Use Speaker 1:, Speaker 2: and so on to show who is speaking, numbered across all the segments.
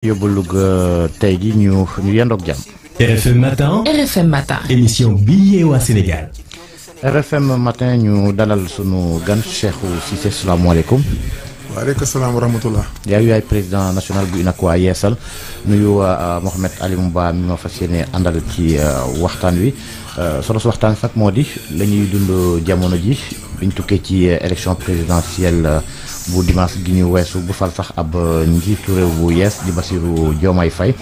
Speaker 1: yóbbalu tey ji ñu ñu yendoog jàmm. RFM matin émission
Speaker 2: bi yee waa
Speaker 1: matin ñu dalal sunu gan Cheikhou Cissé salaamaaleykum.
Speaker 2: waaleykum salaam wa rahmatulah.
Speaker 1: yaay président national bu UNACOIS yeesal nuyu euh, Mouhamed Alioune Ba mi ma fa yéene àndal ci euh, waxtaan wi euh, solo su waxtaan sax moo di la dund jamono ji biñ tukkee ci élection présidentielle. bu dimanche gi ñu weesu bu fal sax ab euh, njiitu réew bu yees di Bassirou Diomaye Faye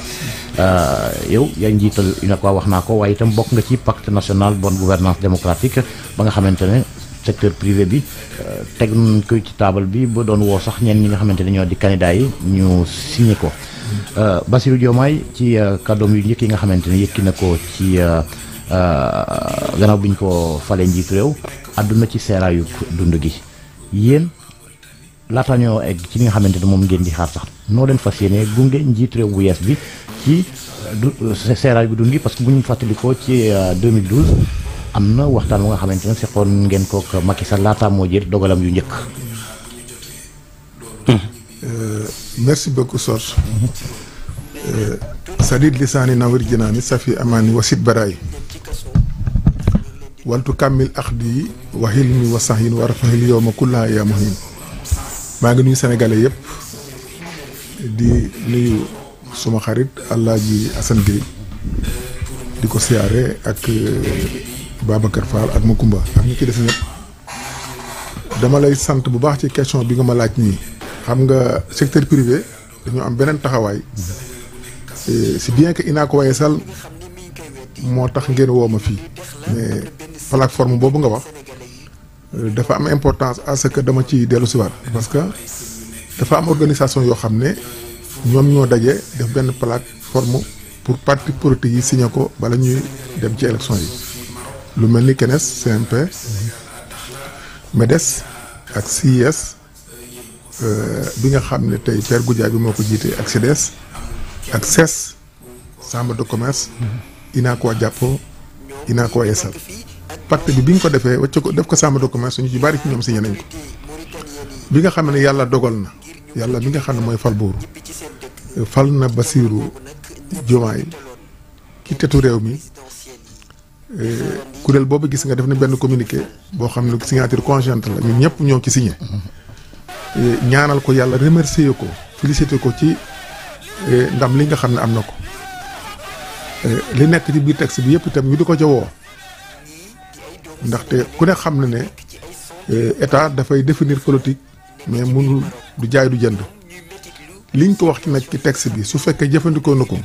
Speaker 1: euh, yow yaa njiital UNACOIS wax naa ko waaye itam bokk nga ci pacte national bonne gouvernance démocratique ba nga xamante ne secteur privé bi euh, teg nañ koy ci taabal bi ba doon woo sax ñenn ñi nga xamante ne ñoo di candidat yi ñu signé ko Bassirou Diomaye ci kàddoom yu njëkk yi nga xamante ne yëkki na ko ci gannaaw bi ñu ko falee njiitu réew àdduna ci seeraayu dund gi laata ñoo egg ci li nga xamante ne moom ngeen di xaar sax noo leen fas yéenee gunge njiit réew bu yees bi ci du seeraay bi dund parce que bu ñu fàttalikoo ci 2012 euh, am na waxtaan bu nga xamante ne seqoon ngeen koog Macky Sall laata moo jël dogalam yu njëkk.
Speaker 2: Hmm. Euh, merci beaucoup Sor. Hmm. Euh, sadid lisaani maa ngi nuyu sénégalais yëpp di nuyu suma xarit Alaaji Assane Gueye di ko siyaare ak euh, Babacar Fall ak Makumba ak ñi ci des ñëpp dama lay sant bu baax ci question bi nga ma laaj nii. xam nga secteur privé dañoo am beneen taxawaay si bien que Inaa ko waye sal moo tax ngeen woo ma fii mais plateforme boobu nga wax. Euh, dafa am importance à que dama ci dellu si war parce que dafa am organisation yoo xam ne ñoom ñoo daje def benn palaat plateforme pour parti politique yi signé ko bala ñuy dem ci élection yi lu mel ni CNES CMP MEDES ak CIS euh, bi nga xam ne tey Père Goudiaby bi moo ko jiite ak CDS ak CES chambre de commerce jàppoo mm-hmm. Jàppo Inakoa Yessal pacte bi bi ñu ko defee wacc ko def ko sama document suñu ci bari ci ñoom signé nañ ko bi nga xam ne yàlla dogal na yàlla bi nga xam ne mooy fal buuru fal na Basiiru Jomaay ki tetu réew mi eh, kuréel boobu gis nga def na benn communiquer boo xam ne signature conjointe la ñun ñëpp ñoo ci signé eh, ñaanal ko yàlla remercier ko félicité ko ci eh, ndam li nga xam ne am na ko li nekk ci biir texte bi yëpp itam ñu di ko ca ndaxte ku ne xam na ne eh, état dafay définir politique mais mënul du jaay du jënd liñ ko wax ci nag ci texte bi su fekkee jëfandikoo na ko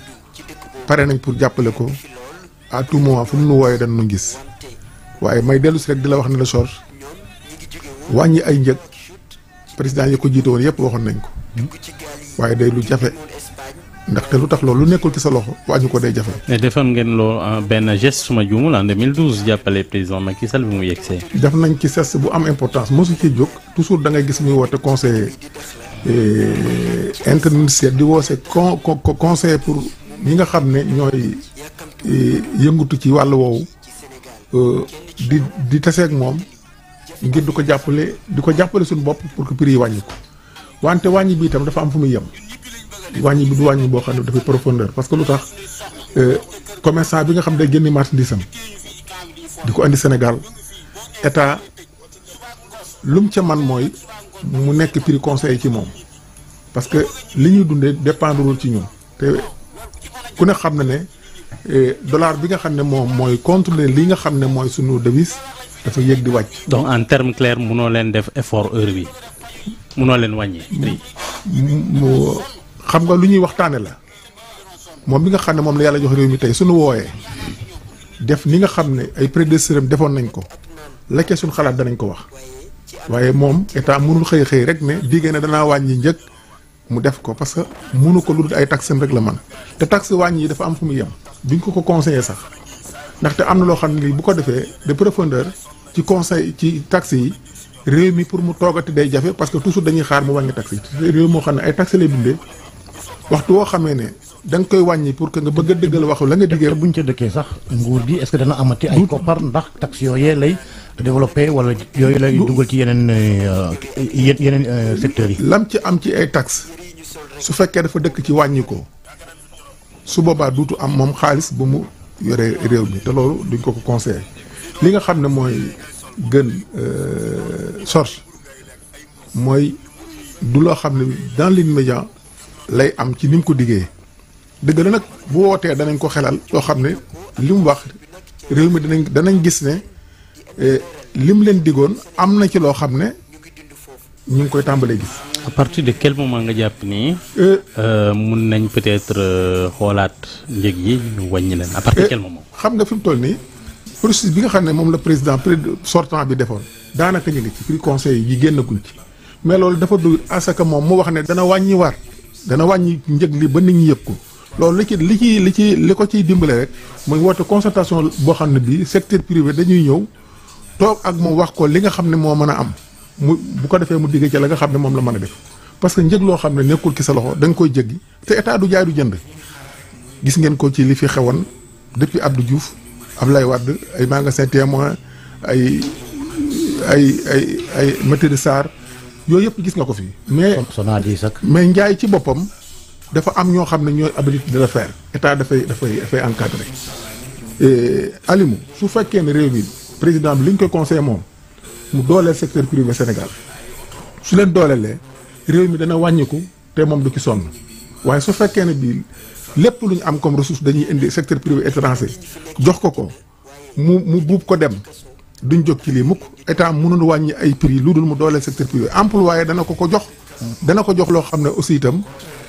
Speaker 2: pare nañ pour jàppale ko à tout moment fu mu nu wooyee dañu gis waaye may dellu si rek di la wax ne la sor wàññi ay njëg président yi ko jiite woon yëpp waxoon nañ ko hmm? waaye day lu jafe. ndaxte lu tax loolu lu nekkul ci sa loxo wàññi ko day jafe.
Speaker 3: mais defoon ngeen loolu euh, benn geste suma juumul en 2012 jàppale président Macky Sall bi mu see
Speaker 2: def nañ ci geste bu am importance mosu ci jóg toujours da ngay gis muy woote conseiller euh, interministériel di woose con conseiller pour ñi nga xam ne ñooy euh, yëngatu ci wàll woowu di di taseeg moom ngir di ko jàppale di ko jàppale suñu bopp pour que prix yi wàññi ko wante wàññi bi itam dafa am fu muy yem. wàññi bi du wàññi boo xam ne dafay profondeur parce que lu tax euh, commerçant bi nga xam ne day génni marchandise am di ko andi Sénégal état lum ca man mooy mu nekk prix conseil ci moom parce que li ñuy dundee dépendrewul ci ñun te ku ne xam na ne euh, dollar bi nga xam ne moom mooy contrôler li nga xam ne mooy sunu devise dafa yéeg di wàcc. donc
Speaker 3: en terme clair munoo leen def effort heure
Speaker 2: bi munoo leen wàññi. xam nga lu ñuy waxtaane la moom bi nga xam ne moom la yàlla jox réew mi tey sunu wooyee def ni nga xam ne ay prédécesseur am defoon nañ ko la ca suñu xalaat danañ ko wax waaye moom état mënul xëy xëy rek ne digée na danaa wàññi njëg mu def ko parce que mënu ko lu dul ay taxes rek la man te taxe wàññi yi dafa am fu muy yem duñ ko ko conseillé sax ndaxte am na loo xam ne lii bu ko defee de profondeur ci conseil ci taxe yi réew mi pour mu toogati day jafe parce que toujours moo xam ne ay taxe lay waxtu woo xamee ne danga koy wàññi pour que nga bëgg a dëggal waxu la nga diggee. buñ ca dëkkee sax nguur bi est que dana amati ay koppar ndax tax yooyee lay développé wala yooyu lay dugal ci yeneen euh, yeneen euh, secteurs yi. lam ci am ci ay tax su fekkee dafa dëkk ci wàññi su boobaa duutu am moom xaalis bu mu yore réew bi te loolu duñ ko ko conseillé li nga xam ne mooy gën euh, sorte mooy du loo xam ne dans l'immédiat lay am ci ni mu ko diggee dëgg la nag bu wootee danañ ko xelal loo xam ne li mu wax réew mi danañ danañ gis ne eh, li mu leen diggoon am na ci loo xam ne ñu ngi koy tàmbalee gis.
Speaker 3: à de quel nga jàpp ni. Euh, euh, mun nañ peut-être euh, xoolaat njëg yi ñu wàññi leen à partir de
Speaker 2: xam nga fi mu toll nii processus bi nga xam ne moom la président pré sortant bi defoon daanaka ñu ci prix conseil yi génnaguñ ci mais loolu dafa dugg asaka moom mu wax ne dana wàññi war dana wàññi njëg li ba nit ñi yëg ko loolu li ci li ci li ci li ko ciy dimbale rek mooy woote concertation boo xam ne bii secteur privé dañuy ñëw toog ak mu wax ko li nga xam ne moo mën a am mu bu ko defee mu digg ci la nga xam ne moom la mën a def parce que njëg loo xam ne nekkul ci sa loxo da nga koy jéggi te état du jaay du jënd gis ngeen ko ci li fi xewoon depuis Abdou Diouf Abdoulaye Wade ay magasin témoin ay ay ay ay Maître Sarr yooyu yëpp gis nga ko fii. mais mais njaay ci boppam dafa am ñoo xam ne ñooy habilité de le faire état dafay dafay dafay encadré. alimu su fekkee ne réew mi président bi li ñu koy conseillé moom mu dooleel secteur privé Sénégal su leen dooleelee réew mi dana wàññiku te moom du ki sonn waaye su fekkee ne bii lépp lu ñu am comme ressource dañuy indi secteur privé étranger jox ko ko mu mu buub ko dem. duñ jóg ci lii mukk état mënul wàññi ay prix lu dul mu dooleel secteur privé employé dana ko ko jox. dana ko jox loo xam ne aussi itam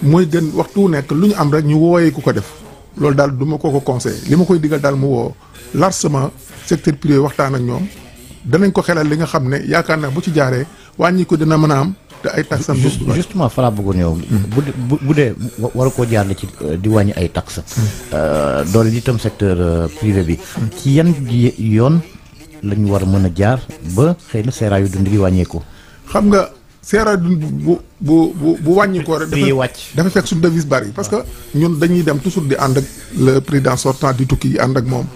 Speaker 2: mooy gën waxtu nekk lu ñu am rek ñu wooyee ku ko def loolu daal duma ma ko ko conseillé li ma koy digal daal mu woo largement secteur privé waxtaan ak ñoom danañ ko xelal li nga xam ne yaakaar naa bu ci jaaree wàññi ko dina mën a am. te ay taxes am
Speaker 1: justement fa laa bëggoon yow. bu bu dee war koo jaar ci euh, di wàññi ay taxes. Hmm. Euh, doole itam secteur euh, privé bi. ci yan yoon. la ñu war a mën a jaar ba xëy na seeraayu dund gi wàññeeku. xam nga
Speaker 2: seeraayu dund bu bu bu bu wàññeekoo rek. dafa wàcc dafa fekk suñu devise bari parce que ñun dañuy dem toujours di ànd ak le président sortant di tukki yi ànd ak moom.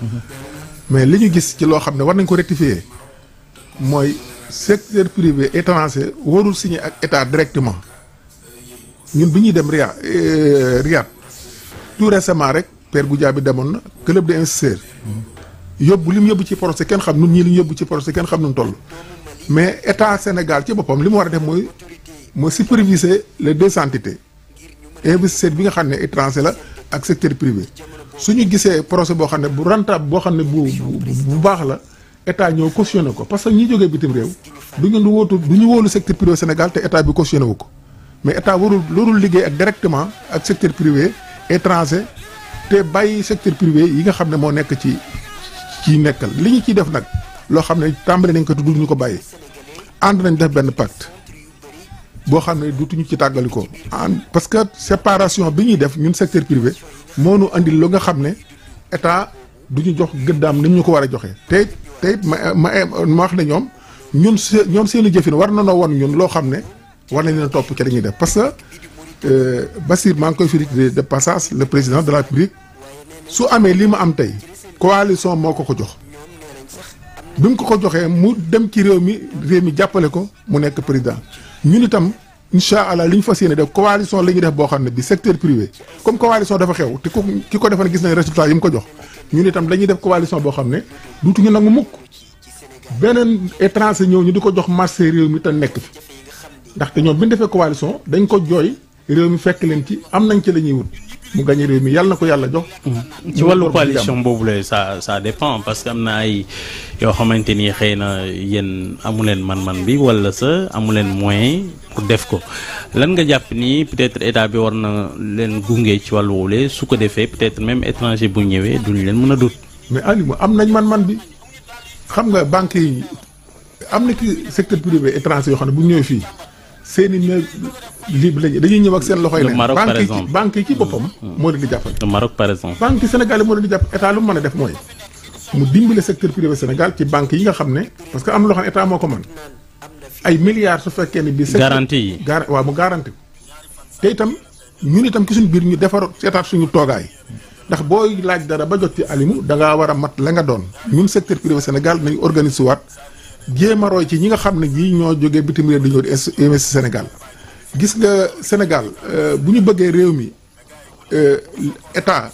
Speaker 2: mais li ñu gis ci loo xam ne war nañ ko rectifier mooy secteur privé étranger warul signer ak état directement ñun bi ñuy dem Riyad euh, Riyad tout récemment rek Père Goudiaby bi demoon na club de investisseurs yóbbu li mu yóbbu ci procès kenn xam nun ñii li ñu yóbbu ci procès kenn xam nun toll mais état Sénégal ci boppam li mu war a def mooy mooy superviser les deux entités investisseur bi nga xam ne étranger la ak secteur privé su ñu gisee projet boo xam ne bu rentable boo xam ne bu bu baax la état ñëw cautionné ko parce que ñi jógee bitim réew du ñu wóotu du ñu wóolu secteur privé Sénégal te état bi cautionné wu ko mais état warul warul liggéey ak directement ak secteur privé étranger te bàyyi secteur privé yi nga xam ne moo nekk ci. ci nekkal li ñu ciy def nag loo xam ne tàmbali nañ ko te duñu ko bàyyi ànd nañ def benn pacte boo xam ne dutuñu ci tàggalikoo ànd parce que séparation bi ñuy def ñun secteur privé moo nu andil lu nga xam ne état du ñu jox gëddaam ni ñu ko war a joxe te te ma ma ma wax ne ñoom ñun se ñoom seenu jëfin war na noo won ñun loo xam ne war nañ leen topp ca li ñuy def parce que euh, Bassir maa ngi koy féliciter de passage le président de la République su amee li mu am tey. coalition moo ko ko jox bi mu ko ko joxee mu dem ci réew mi réew mi jàppale ko mu nekk président ñun itam incha allah li ñu fas yéene def coalition la ñuy def boo xam ne bi secteur privé comme coalition dafa xew te ku ki ko defoon gis nañ résultat yi mu ko jox ñun itam dañuy def coalition boo xam ne duutuñu nangu mukk beneen étranger ñëw ñu di ko jox marché réew mi te nekk fi ndaxte ñoom bi ñu defee coalition dañ ko jooy réew mi fekk leen ci am nañ ci la ñuy wut. mu gagné réew mi yàlla na ko yàlla jox. ci wàllu coalition
Speaker 3: boobu la ça ça dépend parce que am na ay yoo xamante ni xëy na yéen amu leen man-man bi wala sa amu leen moyen pour def ko lan nga jàpp nii peut-être état bi war na leen gunge ci wàllu woowule su ko defee peut-être même étranger bu ñëwee duñu leen mën a dut.
Speaker 2: mais Aliouma am nañ man-man bi xam nga banque yi am na ci secteur privé étranger yoo xam ne bu ñëwee fii. seen i main libre lañu dañuy ñëw ak seen loxo yi ne banque yi banque yi ci mm. boppam moo leen di jàppale
Speaker 3: le Maroc par exemple
Speaker 2: banque yi Sénégal yi moo leen di jàpp état lu def mooy mu dimbale secteur privé Sénégal ci banque yi nga xam ne parce que am na loo xam ne état moo ko mën ay milliards su fekkee ne bi garantie yi waaw mu garanti te itam ñun itam ki suñu biir ñu defar seetaat suñu toogaay ndax booy laaj dara ba jot ci alimu da ngaa war a mat la nga doon ñun secteur privé Sénégal nañu organiser waat jéem a roy ci ñi nga xam ne ñii ñoo jógee bitim réew di ñëw di investi senegal gis nga Sénégal euh, bu ñu bëggee réew mi euh, état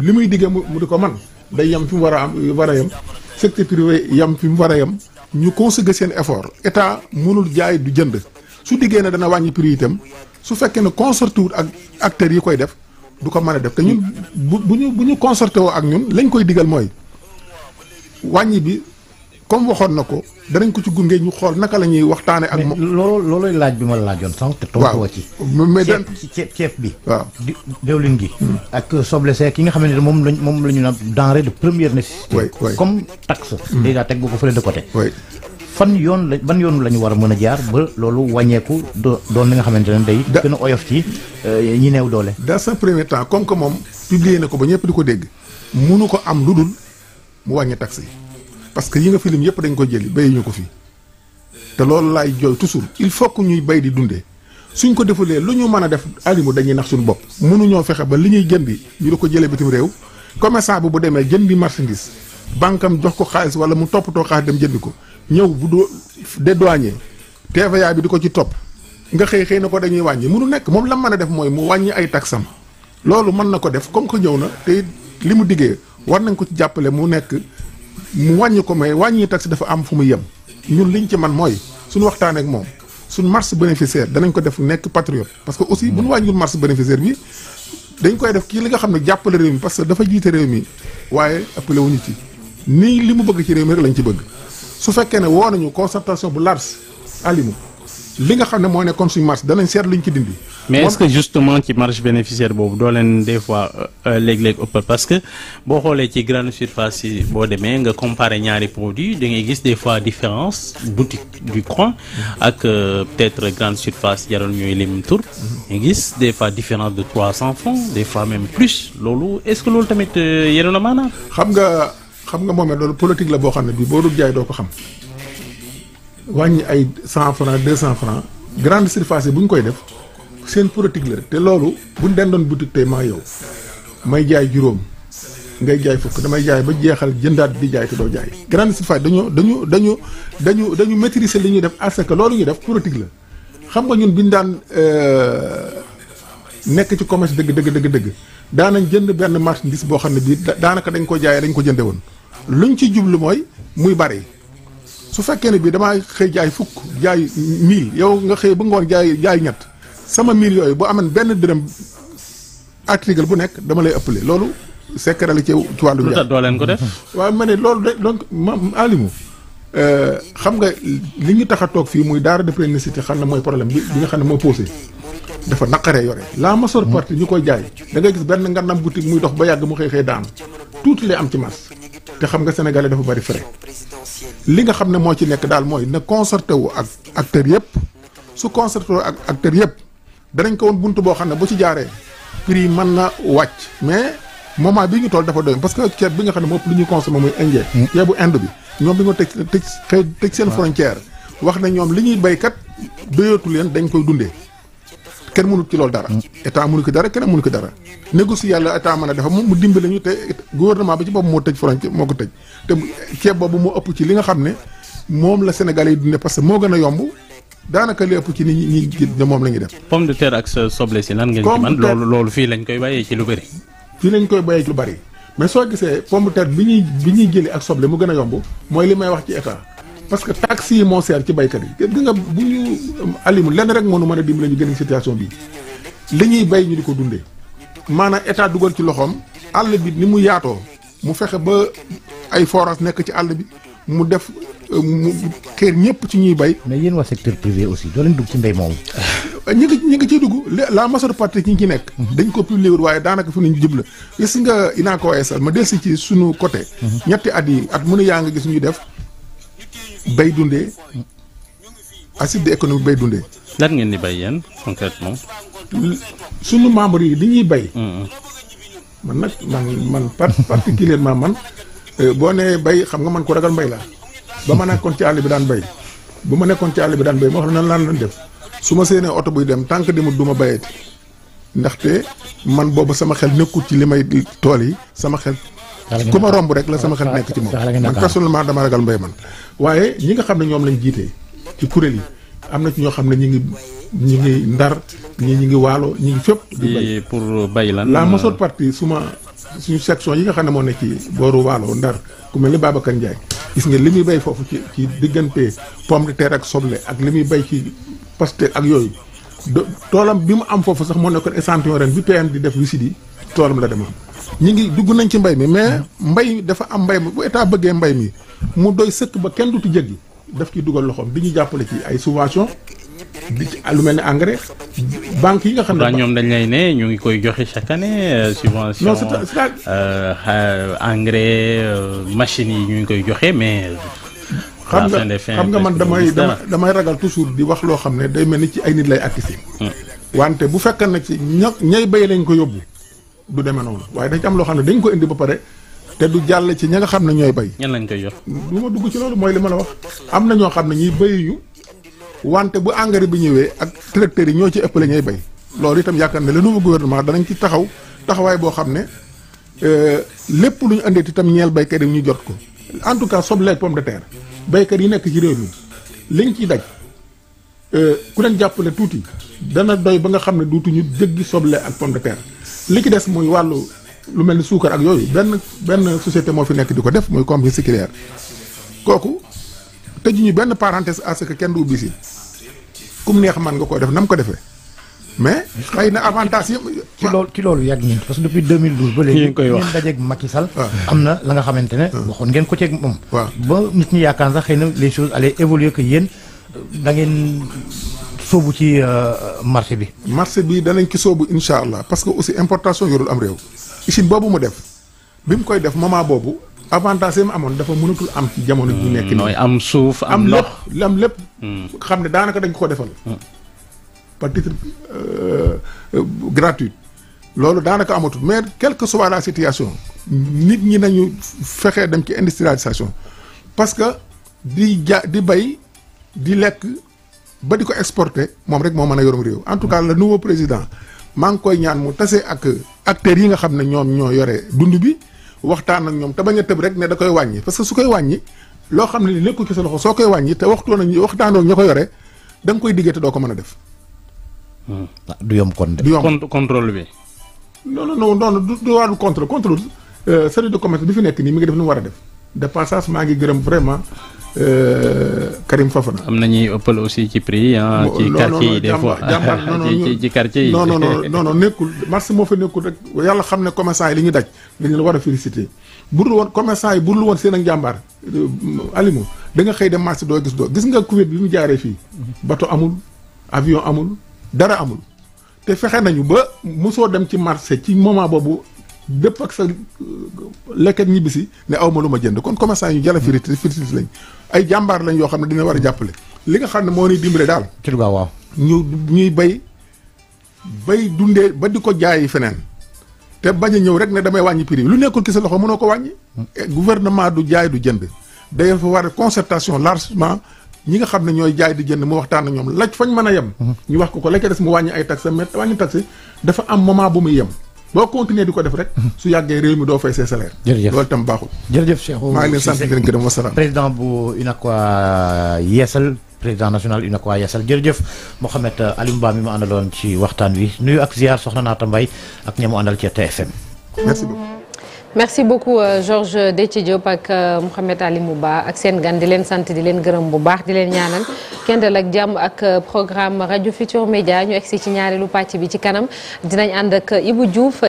Speaker 2: li muy diggee mu di ko man day yem fi mu war a am war a yem secteur privé yam fi mu war a yem ñu conséquer seen effort état mënul jaay du jënd su diggee ne dana wàññi prix itam su fekkee ne concerté wut ak acteurs yi koy def du ko mën a def te ñun bu bu ñu bu ñu concerté woo ak ñun lañ koy digal mooy wàññi bi. comme waxoon na ko danañ ko ci gunge ñu xool naka la ñuy waxtaane ak moom loolu laaj bi ma laajoon sànq te tontu woo ci mais ceeb ceeb bi
Speaker 1: waaw di déwlin gi hmm. ak soble seek ki nga xam ne moom lañ moom la ñu naan denrée de première nécessité comme taxe hmm. déjà teg boo ko fële de côté fan yoon la ban yoonu la ñu war a mën a jaar
Speaker 2: ba loolu wàññeeku doon li nga xamante ne dey gën a oyof ci euh, ñi neew doole dans un premier temps comme que moom publié na ko ba ñëpp di ko dégg mënu ko am lu dul mu wàññi taxe yi parce que yi nga filim yëpp dañ ko jëli ñu ko fii te loolu laay jooy toujours il faut que ñuy bay di dundee suñ ko defulee lu ñu mën a def alimu dañuy nax suñu bopp mënuñoo fexe ba li ñuy jëndi ñu da ko jëlee bitim réew commerçant bi bu demee jëndi marchandise banque am jox ko xaalis wala mu toppatoo xaalis dem jëndi ko ñëw bu doo dédouané TVA bi di ko ci topp nga xëy xëy na ko dañuy wàññi mënu nekk moom la mën a def mooy mu wàññi ay taxam loolu mën na ko def comme que ñëw na te li mu diggee war nañ ko ci jàppale mu nekk mu wàññi ko may wàññi tax dafa am fu mu yem ñun liñ ci man mooy suñu waxtaan ak moom suñ marche bénéficiaire danañ ko def nekk patriote parce que aussi bu ñu wàññul marche bénéficiaire bi dañ koy def kii li nga xam ne jàppale réew mi parce que dafa jiite réew mi waaye appelé wuñu ci nii li mu bëgg ci réew mi rek lañ ci bëgg su fekkee ne woo nañu concertation bu large alimu li nga xam ne moo nekkoon suñu marge danañ seet luñ ci dindi.
Speaker 3: mais est-ce que justement ci marge bénéficiaire boobu doo leen des fois euh, euh, léeg-léeg ëppal parce que boo xoolee ci grande surface yi boo demee nga comparer ñaari produit da ngay gis des fois différence boutique du coin ak euh, peut-être grande surface jaroon ñooy lim tur. Mhm. nga gis des fois différence de trois cents
Speaker 2: francs des fois même plus loolu est-ce que loolu tamit yenoon na maanaam. xam nga xam nga moom loolu politique la boo xam ne bii boo dul jaay ko xam. wàññi ay cent franc deux cent franc grande surface yi bu ñu koy def seen politique la rek te loolu bu ñu den doon boutique tey maa yow may jaay juróom ngay jaay fukk damay jaay ba jeexal jëndaat di jaay te doo jaay. grande surface dañoo dañu dañu dañu dañu maîtriser li ñuy def parce que loolu ñuy def politique la xam nga ñun bi ñu daan euh, nekk ci commerce dëgg dëgg dëgg dëgg daanañ jënd benn marchandise boo xam ne bii daanaka dañ ko jaayee dañ ko jënde woon lu ñu ci jublu mooy muy bari. su fekkee ne bii damaa xëy jaay fukk jaay mille yow nga xëy ba ngoon jaay jaay ñett sama mille yooyu bu amoon benn dërëm article bu nekk dama lay ëppale loolu secret la ci ci wàllu njaay doo ko def waaw ma ne loolu de donc ma alimu euh, xam nga li ñu tax a toog fii muy daara def leen xam na mooy problème bi bi nga xam ne moo posé dafa naqaree yore la majeure partie ñu koy jaay da gis benn ngandam boutique muy dox ba yàgg mu xëy xëy daanu tuuti lay am ci marché xam nga sénégalais dafa li nga xam ne moo ci nekk daal mooy ne concerté wu ak acteurs yëpp su concerté ak ak acteurs yëpp danañ ko woon bunt boo xam ne boo ci jaaree prix yi mën na wàcc mais moment bi ñu toll dafa doy parce que ceeb bi nga xam ne moo ëpp lu ñuy consommé muy indien yeebu Inde bi ñoom bi nga teg teg teg seen frontière wax na ñoom li ñuy baykat doyatu leen dañ koy dundee kenn mënul ci loolu dara état mënu ko dara kenn mënu ko yàlla état mën a dafa mu dimbali ñu te gouvernement bi ci bopp moo tëj frontière moo ko tëj te ceeb boobu moo ëpp ci li nga xam ne moom la Sénégal yi dundee parce que moo gën a yomb daanaka li ëpp ci nit ñi ñi moom la ñuy def
Speaker 3: pomme de terre ak soble si nan ngeen ci man loolu loolu fii lañ koy bàyyee ci lu bëri
Speaker 2: fii lañ koy bàyyee ci lu bari mais soo gisee pomme de terre bi ñuy bi ñuy jëlee ak soble mu gën a yomb mooy li may wax ci état parce que taxes yi moo seer ci baykat yi gis nga bu ñu alimu lenn rek moo nu mën a dimbali ñu génn situation bi li ñuy bay ñu di ko dundee maanaam état dugal ci loxoom àll bi ni mu yaatoo mu fexe ba ay forage nekk ci àll bi mu def euh, mu xeer ñëpp ci ñuy bay. mais yéen waa secteur privé aussi doo leen dugg ci mbay moomu. Euh, ñu ngi ñu ngi la majeure partie ñi ci nekk. Mhm. dañ ko publier waaye daanaka fu ñu jub la gis nga inaa ko weesal ma delsi ci suñu côté. Mhm. ñetti at yi at mënu yaa nga gis ñuy def. bay dundee acide économique bay dundee.
Speaker 3: lan ngeen di bay yéen concrètement.
Speaker 2: sunu membres yi di ñuy bay. Mm-hmm. man nag man man particulièrement man euh, boo nee bay xam nga man ko ragal mbay laa ba ma nekkoon ci àll bi daan bay bu ma nekkoon ci àll bi daan bay ma wax naa lan lañ def su ma seenee oto buy dem tànk demut du ma bayeeti ndaxte man boobu sama xel nekkul ci li may tool yi sama xel ku ma romb rek la sama xel nekk ci moom man personnellement dama ragal mbay man waaye ñi nga xam ne ñoom lañ jiitee ci kuréel yi am na ci ñoo xam ne ñi ngi ñi ngi ndar ñi ñi ngi waalo ñi ngi fépp
Speaker 3: di bay pour bay
Speaker 2: lan la majeure partie suma suñu section yi nga xam ne moo nekk ci booru waalo ndar ku mel ni Babacar Ndiaye gis nga li muy bay foofu ci ci diggante pomme de terre ak soble ak li muy bay ci paste ak yooyu toolam bi mu am foofu sax moo nekkoon échantillon ren bi PM di def visite yi toolam la demoon ñu ngi dugg nañ ci mbay mi mais mbay dafa am mbay bu état bëggee mbay mi mu doy sëkk ba kenn duti jéggi daf ciy dugal loxoom di ñu jàppale ci ay subvention di ci lu mel ne engrais banque yi nga xam ne.
Speaker 3: ñoom dañ lay ne ñu ngi koy joxe chaque année euh, subvention. non euh, euh, engrais machines yi ñu koy joxe mais. xam nga xam nga man damay
Speaker 2: damay ragal toujours di wax loo xam ne day mel ni ci ay nit lay àgg hmm. wante bu fekkee na ci ña ñay bay lañ ko yóbbu. du demee noonu waaye dañ ci am loo xam ne dañ ko indi ba pare te du jàll ci ña nga xam ne ñooy bay ñen lañ koy jox du ma dugg ci loolu mooy li ma la wax am na ñoo xam ne ñuy bayuñu wante bu engrais bi ñëwee ak tracteurs yi ñoo ci ëppale ñooy bay loolu itam yaakaar ne le nouveau gouvernement danañ ci taxaw taxawaay boo xam ne euh, lépp lu ñu andeet itam ñeel baykat yi ñu jot ko en tout cas soble ak pomme de terre baykat yi nekk ci réew mi liñ ciy daj euh, ku leen jàppale tuuti dana doy ba nga xam ne duutuñu jéggi soble ak pomme de terre li ci des muy wàllu lu mel ni suukar ak yooyu benn benn société moo fi nekk di ko def muy si sucrière kooku ñu benn parenthèse à que kenn du ubbi si kum neex man nga koo def na nam ko defee mais xay na avantage yëpp. ci loolu ci loolu yàgg nañ parce que depuis 2012. ba léegi ñu koy wax dajeeg Macky Sall. Ah. am na la nga xamante ne. Ah. waxoon ngeen ko
Speaker 1: ceeg moom. waaw ah. ba nit ñi yaakaar sax xëy na les choses allaient évoluer que yéen da ngeen.
Speaker 2: soobu ci euh, marché bi. marché bi danañ ci soobu incha allah parce que aussi importation yorul am réew. usine boobu mu def bi mu koy def moment boobu avantage yi mu amoon dafa mënatul am jamono ju nekk nii. Hmm, am suuf am ndox am lépp hmm. xam ne daanaka dañ ko defal. Hmm. par titre euh, euh, gratuit. loolu daanaka amatul mais quelque que soit la situation nit ñi nañu fexee dem ci industrialisation parce que di ja di bay di lekk ba di ko exporter moom rek moo mën a yorum réew en tout cas le nouveau président maa ngi koy ñaan mu tase ak acteurs yi nga xam ne ñoom ñoo yore dund bi waxtaan ak ñoom te bañ a tëb rek ne da koy wàññi parce que su koy wàññi loo xam ne li nekkul ci sa loxo soo koy wàññi te waxtu nañ waxtaanoo ña ko yore da koy diggee te doo ko mën a def.
Speaker 3: Hmm. Ah, du yomb kon de. du yomb contrôle bi.
Speaker 2: non non non du du wàllu contrôle contrôle service euh, de commerce bi fi nekk nii mi ngi def ni mu war a def de passage maa ngi gërëm vraiment. Euh, Karim Fofana.
Speaker 3: am na ñuy ëppal aussi ci prix yi ci quartier ci ci quartier yi. non non
Speaker 2: non nekkul marché moo fa nekkul rek yàlla xam ne commerçant yi li ñu daj dañu la war a féliciter bu dul woon commerçant yi bu dul woon seen ak jàmbaar euh, Aliouma da nga xëy dem marché doo gis doo gis nga Kuwait bi mu jaaree fii. bateau amul avion amul dara amul te fexe nañu ba musoo dem ci marché ci moment boobu. dëpp ak sa euh, lekkat ñibbisi ne aw ma lu ma jënd kon commerçant yi ñu jala firiti firiti lañ ay jàmbaar lañ yoo xam ne dina war a jàppale li nga xam ne moo ni dimbale daal ci lu ñu ñuy bay bay dundee ba di ko jaay jaayi feneen te bañ a ñëw rek ne damay wàññi prix lu nekkul ki sa loxo mënoo ko wàññi eh, gouvernement du jaay du jënd day fa war a concertation largement ñi nga xam ne ñooy jaay di jënd mu waxtaan ak ñoom laj fañ mën a yem mm-hmm. ñu wax ko ko la ca des mu wàññi ay taxe mais wàññi taxe am moment bu muy yem boo continuer di ko def rek mhm. su yàggee réew mi doo fay ses salaires jërëjëf loolu tam baaxul jërëjëf Cheikh maa ngi leen sant di leen gërëm wasalaam
Speaker 1: président bu UNACOIS Yeesal président national mi ma àndaloon ci waxtaan wi nuyu ak ziar soxna Naata Mbaye ak ñamu àndal ci TFM
Speaker 3: merci beaucoup merci beaucoup euh, Georges Déthié Diop ak euh, Mouhamed Ali Mouba ak seen gan di leen sant di leen gërëm bu baax di leen ñaanal kenn dal ak jàmm ak euh, programme rajo Futur Média ñu egsi ci ñaareelu pàcc bi ci kanam dinañ ànd ak Ibou Diouf.